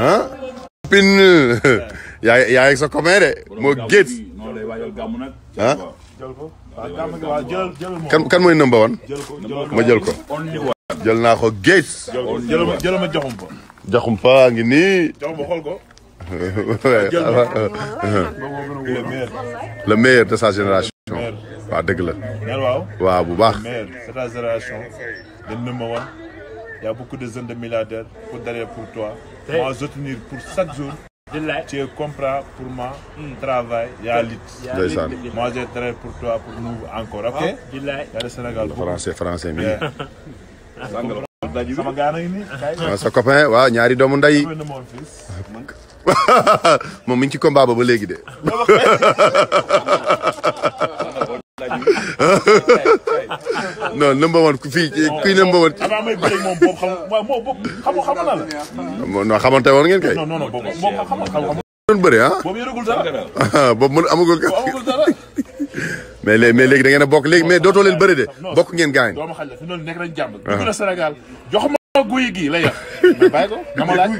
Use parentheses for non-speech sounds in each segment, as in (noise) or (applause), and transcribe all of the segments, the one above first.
ah. pin yaa yaa ngi sa copain de moo géej. ah. kan kan mooy number one. ma jël ko. jël naa ko géej. jël ma jaxum pa. jaxum (laughs) (laughs) le meilleur de sa génération. waaw dëgg la. waaw de sa génération. y a beaucoup de jeunes de milliardaires pour derrière pour toi. moi je tenir pour chaque jour. Tu comprends pour moi. Hmm. travail y a lutte. ndeysaan moi j'ai travaillé pour toi pour nous ah, a waaw ah, sa copain waaw ñaari (laughs) moom mi ci combat ba léegi de. (laughs) (laughs) (laughs) non number one ku fii kuy oh, number one. moom boobu xam waaw xamante woon ngeen kay. non non non boobu xamoon xamoon. doon ah? (laughs) boobu mën amagul. amagul dara. (laughs) mais léegi mais ngeen a bokk léegi mais dootoo leen bëri de bokk ngeen gaañ. doomu xaj la fi noonu nekk nañ jàmm. Ah. dugg na ko na ma laaj.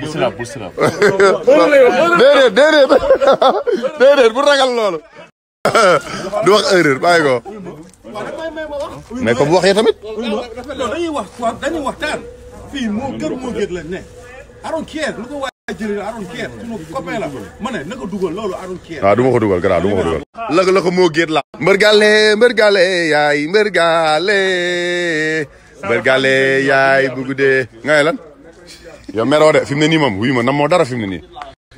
bu siraab bu siraab. ragal loolu. du wax erreur bàyyi ko. mais comme waxee wax dañuy waxtaan. fii moo gën moo gën ko waay jëlee Aron Kier sunu copain la ma ne na ah, ko dugal loolu Aron Kier. waaw du ko dugal la ko moo gën la. mbërgale mbërgale yaay mbërgale. mbërgale yaay bu guddee nga ne lan. yow ne nii moom wuyu ma nan moo dara fi mu ne nii.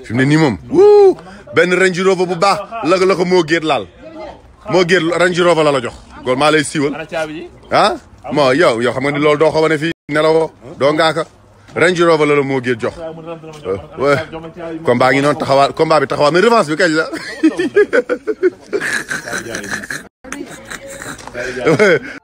fi ne nii moom wuu benn Range Rover bu baax lëkk ko moo gën laal moo gën Range la la jox. góor maa lay siiwal ah mo yow yow xam ne lool loolu doo ko wane fii nelawoo doo ngaaka Range Rover la la moo gën jox combat ngi noonu taxawaat combat bi taxawaat mais revanche bi kañ la (laughs)